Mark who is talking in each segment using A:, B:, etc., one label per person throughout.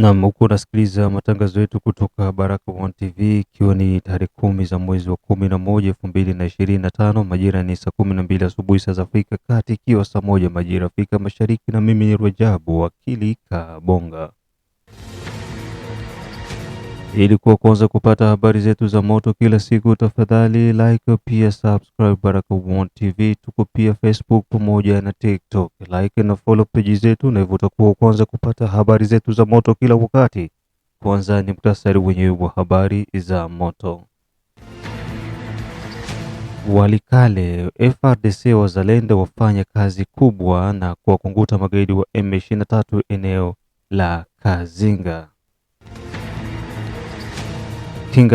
A: Naam, huku unasikiliza matangazo yetu kutoka baraka One TV ikiwa ni tarehe kumi za mwezi wa kumi na moja elfu mbili na ishirini na tano majira ni saa kumi na mbili asubuhi saa za Afrika Kati, ikiwa saa moja majira Afrika Mashariki, na mimi ni Rajabu Wakili Kabonga. Ili kuwa kwanza kupata habari zetu za moto kila siku, tafadhali like, pia subscribe Baraka1 TV. Tuko pia Facebook pamoja na TikTok. Like na follow page zetu, na hivyo utakuwa kwanza kupata habari zetu za moto kila wakati. Kwanza ni muhtasari wenyewe wa habari za moto. Walikale, frdc wazalendo wafanya kazi kubwa na kuwakunguta magaidi wa M23 eneo la Kazinga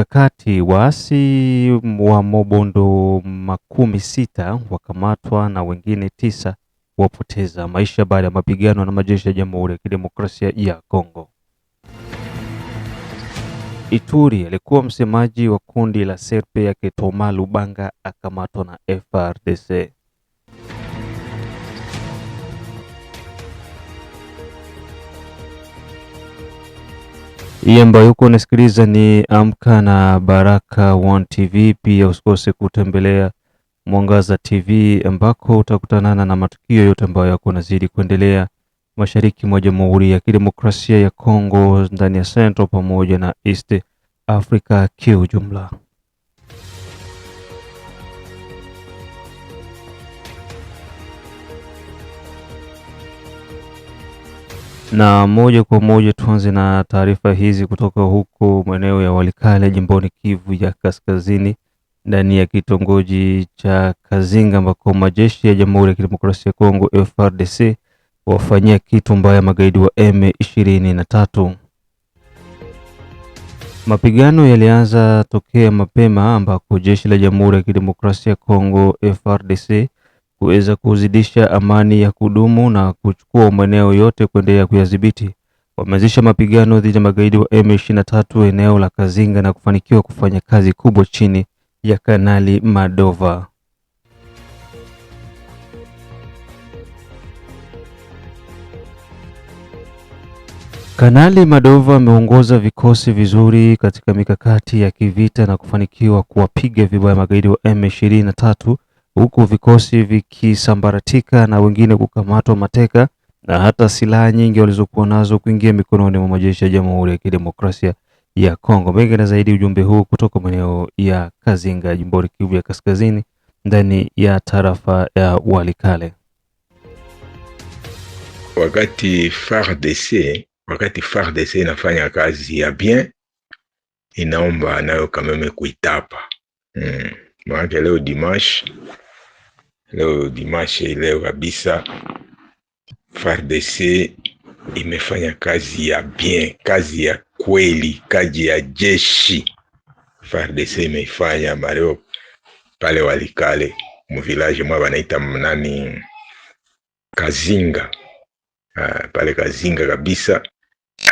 A: kati, waasi wa Mobondo makumi sita wakamatwa na wengine tisa wapoteza maisha baada ya mapigano na majeshi ya Jamhuri ya Kidemokrasia ya Kongo. Ituri, alikuwa msemaji wa kundi la Serpe ya Ketoma Lubanga akamatwa na frdc hii ambayo huko unasikiliza ni Amka na Baraka One TV. Pia usikose kutembelea Mwangaza TV ambako utakutanana na matukio yote ambayo yako nazidi kuendelea mashariki mwa Jamhuri ya Kidemokrasia ya Kongo, ndani ya Central pamoja na East Africa kiujumla. Na moja kwa moja tuanze na taarifa hizi kutoka huko maeneo ya Walikale jimboni Kivu ya Kaskazini, ndani ya kitongoji cha Kazinga ambako majeshi ya Jamhuri ya Kidemokrasia ya Kongo frdc wafanyia kitu mbaya magaidi wa M23. Mapigano yalianza tokea mapema ambako jeshi la Jamhuri ya Kidemokrasia ya Kongo FRDC kuweza kuzidisha amani ya kudumu na kuchukua maeneo yote kuendelea kuyadhibiti. Wameanzisha mapigano dhidi ya magaidi wa M23 eneo la Kazinga na kufanikiwa kufanya kazi kubwa chini ya Kanali Madova. Kanali Madova ameongoza vikosi vizuri katika mikakati ya kivita na kufanikiwa kuwapiga vibaya magaidi wa M23 huku vikosi vikisambaratika na wengine kukamatwa mateka na hata silaha nyingi walizokuwa nazo kuingia mikononi mwa majeshi ya Jamhuri ya Kidemokrasia ya Kongo. Mengi na zaidi ujumbe huu kutoka maeneo ya Kazinga, jimboni Kivu ya Kaskazini, ndani ya tarafa ya Walikale.
B: Wakati FARDC wakati FARDC inafanya kazi ya bien, inaomba nayo kameme kuitapa. mm. Maana leo dimash Leo dimashe ileo kabisa, FARDC imefanya kazi ya bien, kazi ya kweli, kazi ya jeshi. FARDC imeifanya mareo pale Walikale muvilaje mwa banaita mnani Kazinga. Uh, pale Kazinga kabisa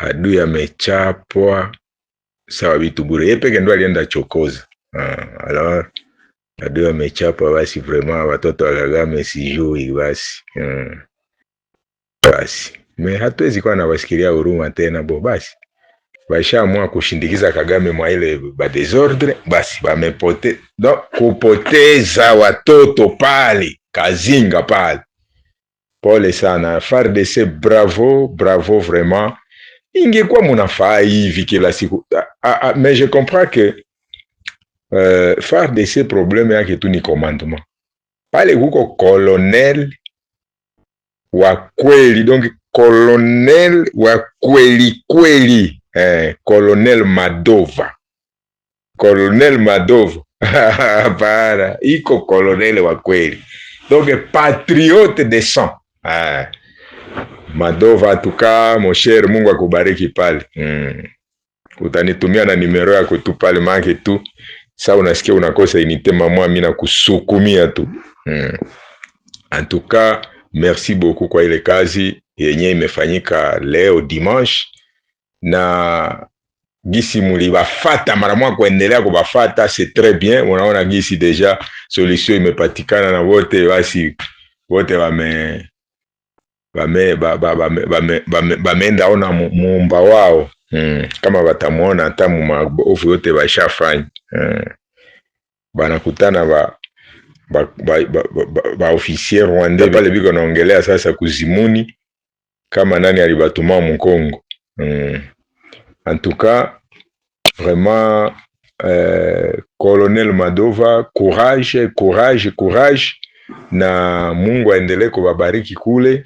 B: adui amechapwa sawa, vitu bure, yeye peke ndo alienda chokoza uh, ah, alors adui amechapa, basi vraiment watoto wagagame sijui basi hmm. Basi me hatuwezi kuwa nawasikilia huruma tena bo, basi bashaamua kushindikiza Kagame mwa ile ba desordre, basi bamepote no, kupoteza watoto pale Kazinga pale. Pole sana FARDC, bravo bravo, vraiment ingekuwa munafaa hivi kila siku a, ah, a, ah, a, ah, mais je comprends que Uh, FARDC problemu yake tu ni commandement pale, kuko colonel wa kweli donc colonel wa kweli kweli, eh, kolonel Madova, kolonel Madova para iko colonel wa kweli donc patriote de sang ah. Madova tuka mosher, Mungu akubariki pale mm. Utanitumia na numero yako tu pale make tu Saa unasikia unakosa initema mwa mimi nakusukumia tu mm. Antuka, merci beaucoup kwa ile kazi yenye imefanyika leo dimanche, na gisi mulibafata mara moja, kuendelea kubafata c'est très bien. Unaona gisi deja solution imepatikana na wote, basi wote wame bame, bame, ona muumba wao mm. Kama batamwona hata mu yote bashafanya Eh, banakutana ba ba, ba, ba, ba rwandais pale biko naongelea sasa kuzimuni kama nani alibatuma Mkongo mm. En tout cas vraiment eh, Colonel Madova courage courage courage, na Mungu aendelee kubabariki kule,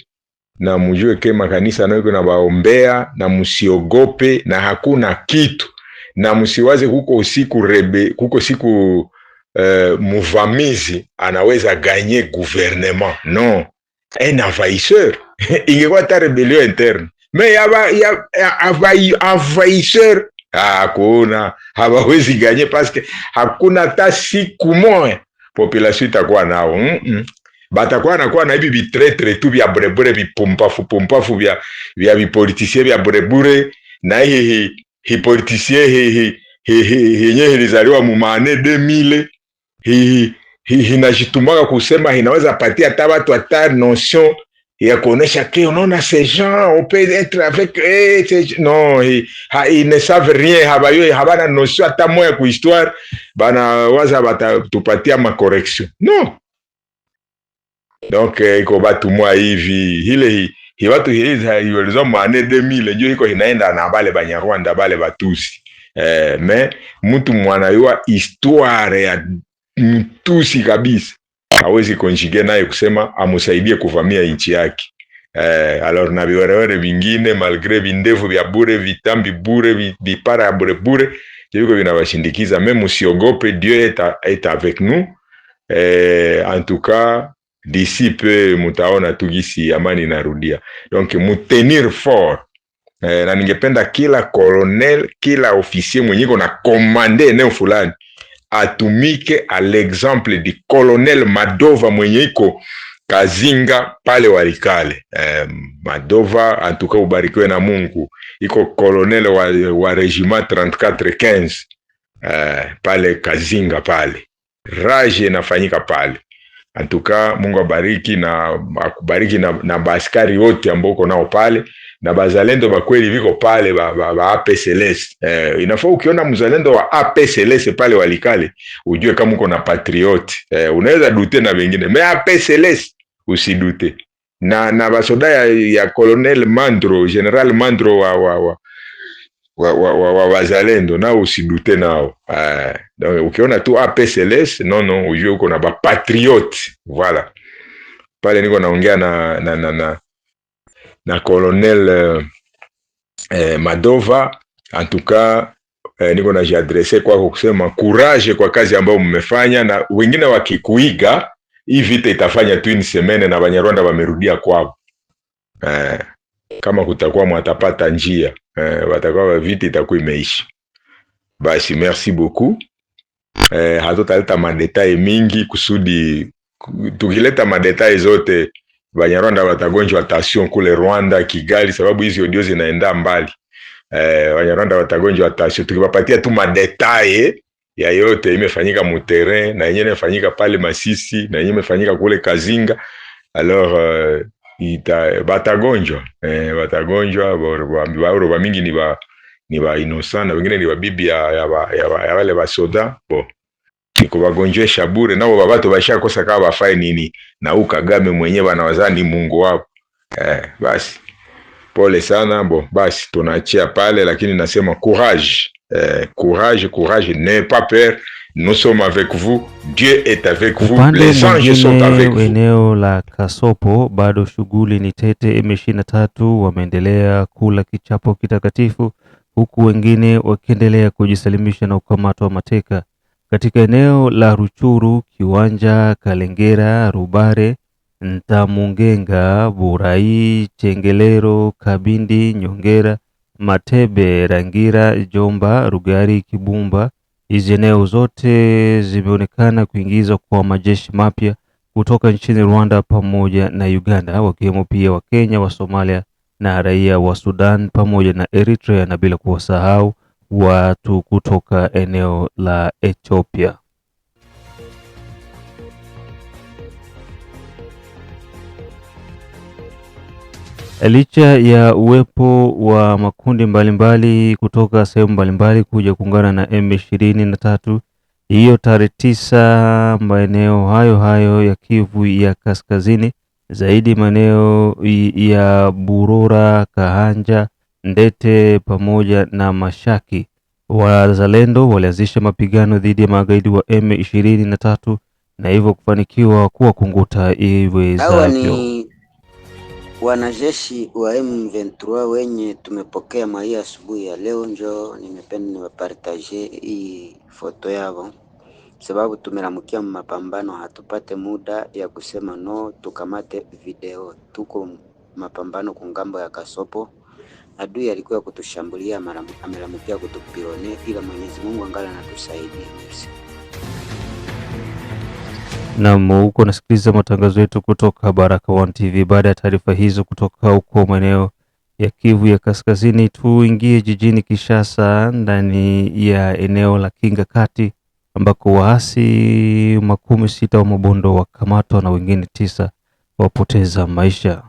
B: na mujue ke makanisa naiko na baombea, na musiogope, na hakuna kitu na msiwaze kuko siku rebe kuko siku uh, muvamizi anaweza ganye gouvernement non, un envahisseur ingekuwa ta rebellion interne me envahisseur ah, hakuna, hawawezi ganye paske hakuna ta siku moya population itakuwa nao mm -mm. Batakuwa nakuwa na hivi vitretre tu vya burebure vipumpafu pumpafu vya vya vipolitisie vya burebure na hihi hi politisie hihi yenye hilizaliwa mumane 2000 hihi hinajitumaka kusema hinaweza patia hata watu hata notion ya kuonesha ke unaona ces gens on peut être avec eh, non ils ne savent rien habayo habana notion hata moya ku histoire bana waza batatupatia ma correction non donc eh, iko batu mwa hivi ile hibatu hiza mane de 2000 jo hiko hinaenda na bale banyarwanda bale batusi eh, me mtu mwana mwanayua histoire ya mtusi kabisa hawezi konjige naye kusema amusaidie kuvamia inchi yake. Eh, alors na biwerewere vingine malgre vindevu vya bure vitambi bure vipara ya bure bure viko vinavashindikiza. Me musiogope, Dieu eta avec nous. Eh, en tout cas disipe mutaona tu gisi amani inarudia. Donc mutenir fort eh, na ningependa kila colonel, kila ofisier mwenyiko na komande eneo fulani atumike alexample di colonel Madova mwenye iko Kazinga pale Walikale. Eh, Madova antuka ubarikiwe na Mungu, iko colonel wa, wa regiment 3415 eh, pale Kazinga pale raje inafanyika pale Antuka, Mungu abariki na akubariki na, na baaskari wote ambao uko nao pale na bazalendo bakweli viko pale ba, ba, ba APCLS. Eh, inafaa ukiona mzalendo wa APCLS pale Walikale ujue kama uko na patriot. Eh, unaweza dute na wengine. Me APCLS usidute. Na na basoda ya, ya Colonel Mandro, General Mandro wa, wa, wa wa, wa, wa, wa nao usidute nao. Uh, ukiona tu APCLS non non, ujue uko na bapatriote voilà. Pale niko naongea na na na na, na colonel eh, eh Madova en tout cas eh, niko najiadrese kwako kusema courage kwa kazi ambayo mmefanya, na wengine wakikuiga hii vita itafanya tu ni semene na Banyarwanda wamerudia kwao eh kama kutakuwa mwatapata njia eh, watakuwa vita itakuwa imeisha. Basi merci beaucoup eh, hatutaleta madetai mingi kusudi tukileta madetai zote Banyarwanda watagonjwa tension kule Rwanda Kigali, sababu hizi audio zinaenda mbali eh, Banyarwanda watagonjwa tension tukiwapatia tu madetai ya yote imefanyika muteren na yenyewe imefanyika pale Masisi na yenyewe imefanyika kule Kazinga alors uh, ita, batagonjwa eh, batagonjwa baoroba mingi ni ba ni ba inosa na wengine ni babibi ya, ya, ba, ya, ba, ya wale basoda bo nikubagonjesha bure nabo babatu bashakosa kaba bafai nini na u Kagame mwenyewe banawazaa ni Mungu wapo eh, basi pole sana bo, basi tunaachia pale, lakini nasema courage eh, courage courage, ne pas peur nous sommes avec vous, Dieu est avec vous, upande les anges sont avec vous. Eneo la Kasopo bado shughuli ni tete, M23 wameendelea kula kichapo kitakatifu huku wengine wakiendelea kujisalimisha na wa mateka katika eneo la Ruchuru, Kiwanja, Kalengera, Rubare, Ntamungenga, Burai, Chengelero, Kabindi, Nyongera, Matebe, Rangira, Jomba, Rugari, Kibumba Hizi eneo zote zimeonekana kuingizwa kwa majeshi mapya kutoka nchini Rwanda pamoja na Uganda, wakiwemo pia Wakenya wa Somalia na raia wa Sudan pamoja na Eritrea na bila kuwasahau watu kutoka eneo la Ethiopia. Licha ya uwepo wa makundi mbalimbali mbali kutoka sehemu mbalimbali kuja kuungana na M23 hiyo tarehe tisa, maeneo hayo hayo ya Kivu ya Kaskazini, zaidi maeneo ya Burura, Kahanja, Ndete pamoja na Mashaki, wazalendo walianzisha mapigano dhidi ya magaidi wa M23 na hivyo kufanikiwa kuwakunguta iwezavyo. Wanajeshi wa M23 wenye tumepokea mahii asubuhi ya leo, njo nimependa niwapartage hii foto yao, sababu tumelamukia mapambano, hatupate muda ya kusema no, tukamate video. Tuko mapambano kungambo ya Kasopo, adui alikuwa kutushambulia, amelamukia kutupirone, ila Mwenyezi Mungu angala anatusaidia. Nam huko unasikiliza matangazo yetu kutoka Baraka One TV. Baada ya taarifa hizo kutoka huko maeneo ya Kivu ya Kaskazini, tuingie jijini kishasa ndani ya eneo la Kinga Kati ambako waasi makumi sita wa Mabondo wakamatwa na wengine tisa wapoteza maisha.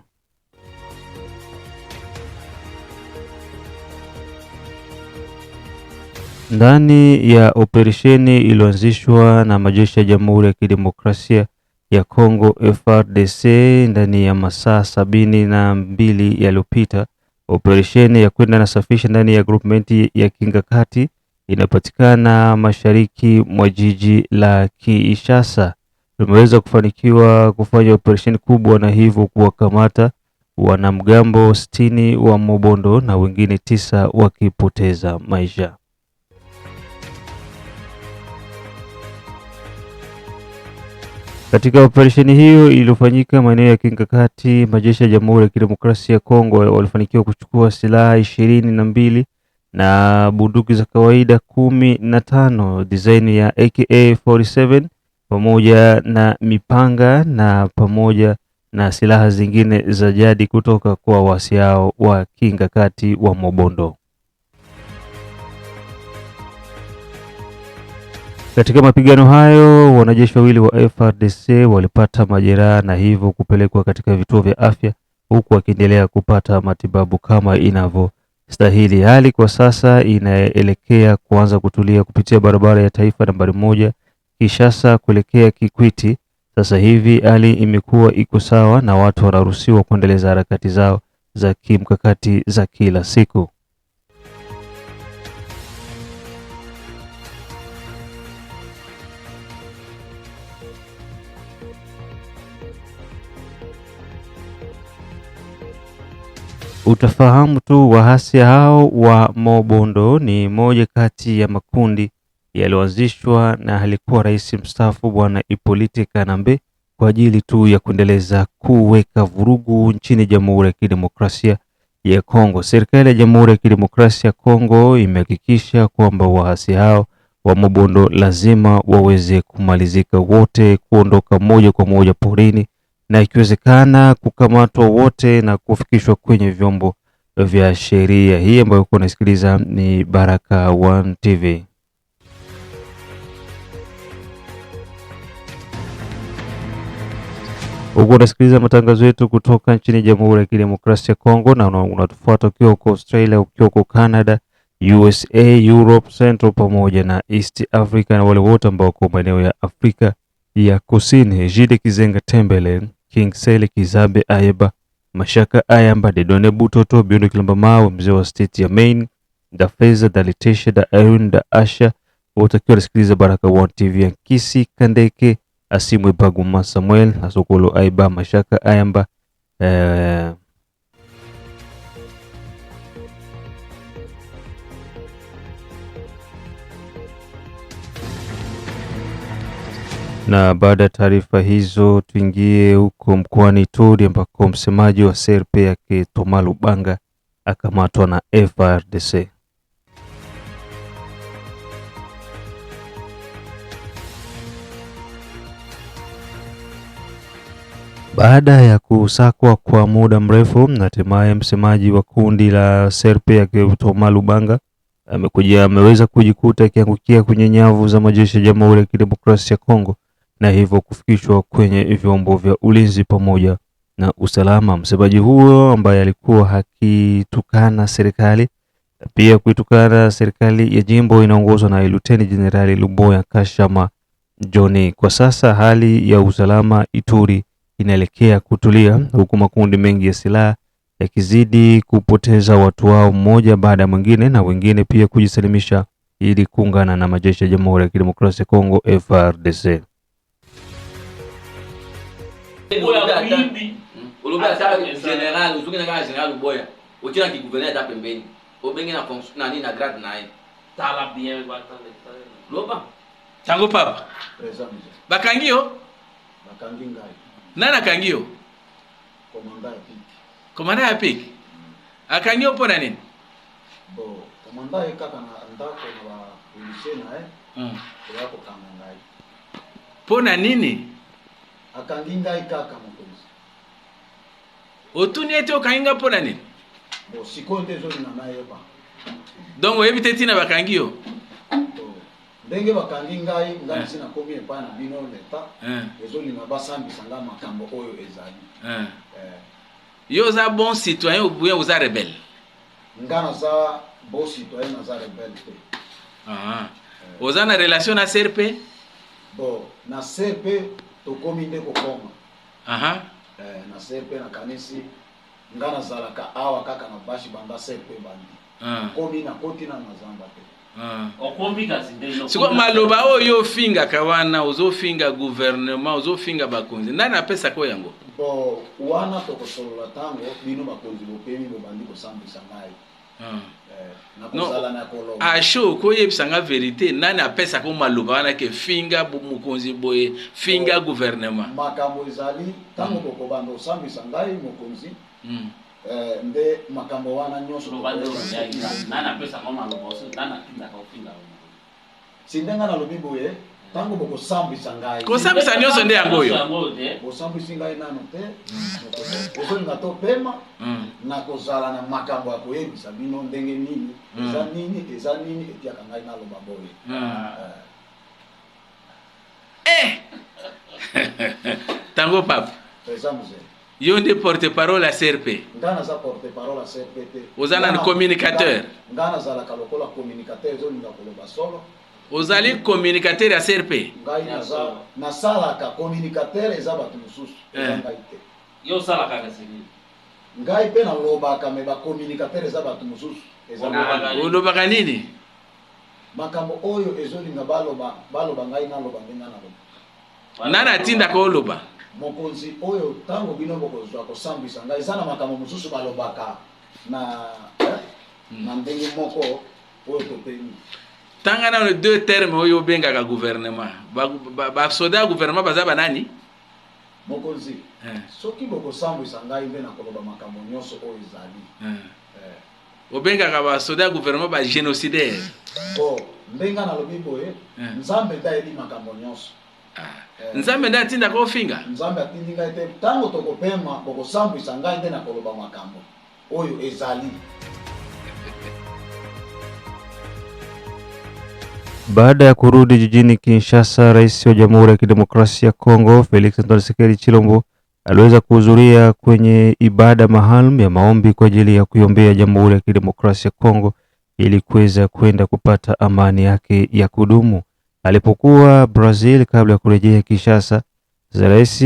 B: Ndani ya operesheni iliyoanzishwa na majeshi ya Jamhuri ya Kidemokrasia ya Kongo frdc ndani ya masaa sabini na mbili yaliyopita, operesheni ya kwenda na safisha ndani ya groupment ya Kinga Kati inapatikana mashariki mwa jiji la Kinshasa, limeweza kufanikiwa kufanya operesheni kubwa na hivyo kuwakamata wanamgambo sitini wa Mobondo na wengine tisa wakipoteza maisha. Katika operesheni hiyo iliyofanyika maeneo ya kimkakati, majeshi ya Jamhuri ya Kidemokrasia ya Kongo walifanikiwa kuchukua silaha ishirini na mbili na bunduki za kawaida kumi na tano design ya AK47 pamoja na mipanga na pamoja na silaha zingine za jadi kutoka kwa waasi hao wa kimkakati wa Mobondo. Katika mapigano hayo wanajeshi wawili wa frdc walipata majeraha na hivyo kupelekwa katika vituo vya afya huku wakiendelea kupata matibabu kama inavyostahili. Hali kwa sasa inaelekea kuanza kutulia kupitia barabara ya taifa nambari moja Kishasa kuelekea Kikwiti. Sasa hivi hali imekuwa iko sawa na watu wanaruhusiwa kuendeleza harakati zao za kimkakati za kila siku. Utafahamu tu wahasia hao wa Mobondo ni moja kati ya makundi yaliyoanzishwa na alikuwa rais mstaafu Bwana Ipolite Kanambe kwa ajili tu ya kuendeleza kuweka vurugu nchini Jamhuri ya Kidemokrasia ya Kongo. Serikali ya Jamhuri ya Kidemokrasia ya Kongo imehakikisha kwamba waasi hao wa Mobondo lazima waweze kumalizika wote, kuondoka moja kwa moja porini na ikiwezekana kukamatwa wote na kufikishwa kwenye vyombo vya sheria. Hii ambayo uko unasikiliza ni Baraka One TV. Huku unasikiliza matangazo yetu kutoka nchini Jamhuri ya Kidemokrasia ya Kongo na unatufuata ukiwa huko Australia, ukiwa huko Canada, USA, Europe Central pamoja na East Africa na wale wote ambao wako maeneo ya Afrika ya Kusini. Jide Kizenga Tembele sele Kizabe Ayeba Mashaka Ayamba Dedone Butoto Biondo Kilamba Mawe mzee wa state ya Maine da Feza da letesha da Irene da Asha wote kwa kusikiliza Baraka One TV ya Kisi Kandeke Asimwe Baguma Samuel Asokolo Aiba Mashaka Ayamba eh, Na baada ya taarifa hizo, tuingie huko mkoani Ituri ambako msemaji wa CRP yake Toma Lubanga akamatwa na FARDC. Baada ya kusakwa kwa muda mrefu, hatimaye msemaji wa kundi la CRP yake Toma Lubanga amekuja ameweza kujikuta akiangukia kwenye nyavu za majeshi ya Jamhuri ya Kidemokrasia ya Kongo na hivyo kufikishwa kwenye vyombo vya ulinzi pamoja na usalama. Msemaji huyo ambaye alikuwa akitukana serikali pia kuitukana serikali ya jimbo inaongozwa na Luteni Jenerali Luboya Kashama joni Kwa sasa hali ya usalama Ituri inaelekea kutulia huku makundi mengi ya silaha yakizidi kupoteza watu wao mmoja baada ya mwingine na wengine pia kujisalimisha ili kuungana na majeshi ya Jamhuri ya Kidemokrasia ya Kongo FRDC boya kuibi hmm. olobi tango papa bakangi yo nani akangi yo komanda ya pik akangi yo mpo na nini bo komanda ye akangi ngai kaka mokonzi otuni ete okangi ngai mpo na nini bo sikoyo nde ezolinga nayeba donc oyebi te ntina bakangi yo oh. ndenge bakangi ngai ngai eh. nsi nakomi epai na bino leta eh. ezolinga basambisa ngai makambo oyo ezali eh. yo oza bon citoyen obuye oza rebele ngai naza bon citoyen naza rebele te ah. oza na relation na ser mpe bo na ser mpe tokomi nde kokoma aha eh, na ser mpe nakanisi nga nazalaka awa kaka na bashi banda ser mpe bandi ah. komi nakoti na nazamba te ah. sikoyo maloba oyo ofingaka wana ozofinga gouvernement ozofinga bakonzi ndani apesaka yango bo wana tokosolola ntango bino bakonzi bopemi bobandi kosambisa ngai asho ah, koyebisa nga verité nani apesaka maloba wana ke finga mokonzi boye finga oh. gouvernement makambo ezali ntango kokobanda hmm. osambisa ngai mokonzi hmm. eh, nde makambo wana nyonso si ndenge nalobi boye ntango bokosambwisa ngai kosambwisa nyonso nde yango oyo bosambwisi ngai nano te hmm. ozolinga to pema hmm. nakozala na makambo ya koyebisa bino ndenge nini hmm. eza nini eza nini etiaka ngai naloba boye ntango eh! papa eh, eza mzee yo nde porte parole ya crp nga naza porte parole ya crp te oza nani communicateur nga nazalaka lokola communicateur ezolinga koloba solo ozali communicateur ya crp ngai nasalaka communicateur eza bato mosusu eza eh. ngai te yo osalaka kasi ngai mpe nalobaka me bacommunicateur eza bato mosusu olobaka nini makambo oyo ezolinga baloba baloba ngai naloba nde ngai naloba nani atindaka oloba mokonzi oyo ntango bino bokozwa kosambwisa ngai eza na makambo mosusu balobaka na eh, na hmm. ndenge moko oyo topemi tanga nano deux terme oyo obengaka gouvernement basoda ya gouvernement baza banani mokonzi eh. soki bokosambwisa ngai mpe na koloba makambo nyonso oyo ezali eh. obengaka basoda ya gouvernement bagénocidaire ndenge nalobi boye eh. nzambe nde ayebi makambo nyonso ah. nzambe nde atindaka ofinga nzambe atindi ngai te ntango tokopema bokosambwisa ngai nde na koloba makambo oyo ezali Baada ya kurudi jijini Kinshasa, rais wa Jamhuri ya Kidemokrasia ya Kongo Felix Antoine Tshisekedi Chilombo aliweza kuhudhuria kwenye ibada maalum ya maombi kwa ajili ya kuiombea Jamhuri ya Kidemokrasia ya Kongo ili kuweza kwenda kupata amani yake ya kudumu. Alipokuwa Brazil kabla ya kurejea Kinshasa, rais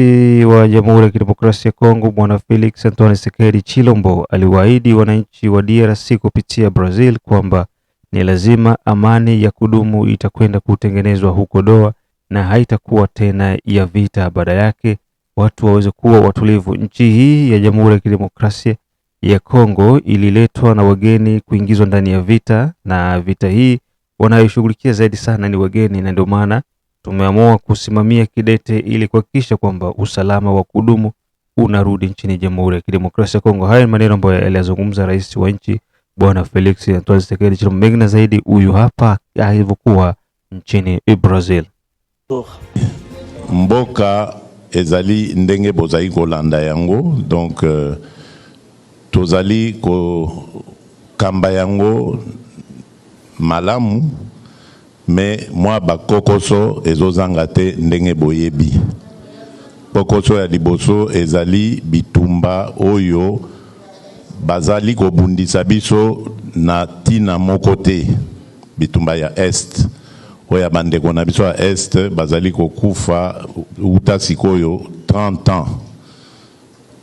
B: wa Jamhuri ya Kidemokrasia ya Kongo bwana Felix Antoine Tshisekedi Chilombo aliwaahidi wananchi wa DRC kupitia Brazil kwamba ni lazima amani ya kudumu itakwenda kutengenezwa huko Doha na haitakuwa tena ya vita. baada yake watu waweze kuwa watulivu. Nchi hii ya Jamhuri ya Kidemokrasia ya Kongo ililetwa na wageni kuingizwa ndani ya vita, na vita hii wanayoshughulikia zaidi sana ni wageni, na ndio maana tumeamua kusimamia kidete ili kuhakikisha kwamba usalama wa kudumu unarudi nchini Jamhuri ya Kidemokrasia ya Kongo. Haya ni maneno ambayo aliyazungumza rais wa nchi Bwana Felix Antoine Tshisekedi Tshilombo. Mengine zaidi, huyu hapa alivyokuwa nchini Brazil. Mboka ezali ndenge bozali kolanda yango donc euh, tozali kokamba yango malamu me mwa bakokoso ezozanga te ndenge boyebi kokoso ya liboso ezali bitumba oyo bazali kobundisa biso na ntina moko te bitumba ya este oyo bandeko na biso ya este bazali kokufa uta sikoyo 30 ans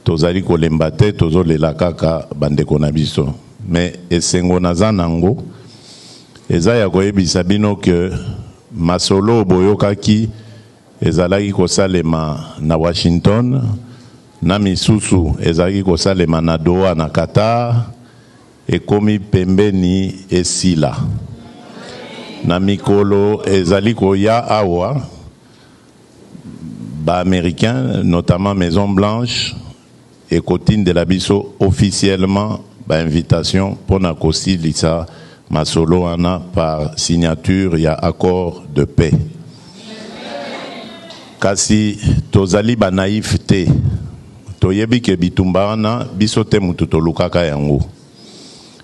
B: tozali kolemba te tozolela kaka bandeko na biso me esengo naza nango eza ya koyebisa bino ke masolo boyokaki ezalaki kosalema na washington na misusu ezalaki kosalema na doha na qatar ekomi pembeni esila na mikolo ezali koya awa baaméricain notamment maison blanche ekotindela biso officiellement bainvitation mpona kosilisa masolo wana par signature ya accord de paix kasi tozali banaïf te toyebi ke bitumba wana biso te mutu tolukaka yango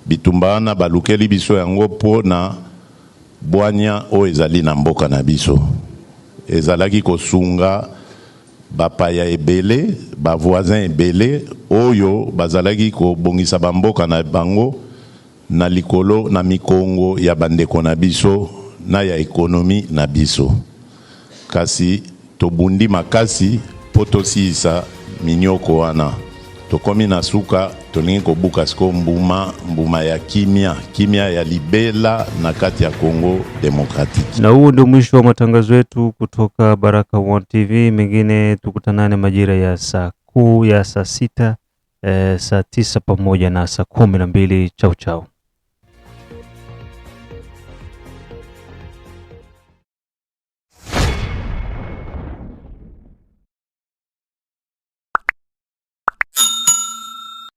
B: bitumba wana balukeli biso yango mpo na bwanya oyo ezali na mboka na biso ezalaki kosunga bapaya ebele bavoisin ebele oyo bazalaki kobongisa bamboka na bango na likolo na mikongo ya bandeko na biso na ya ekonomi na biso kasi tobundi makasi mpo tosiisa minyoko wana tokomi na suka tolingi kobuka siko mbuma mbuma ya kimia kimia ya libela na kati ya Kongo Demokratiki. Na huo ndio mwisho wa matangazo yetu kutoka Baraka One TV. Mengine tukutanane majira ya saa kuu ya saa sita eh, saa tisa pamoja na saa kumi na mbili. Chau chau.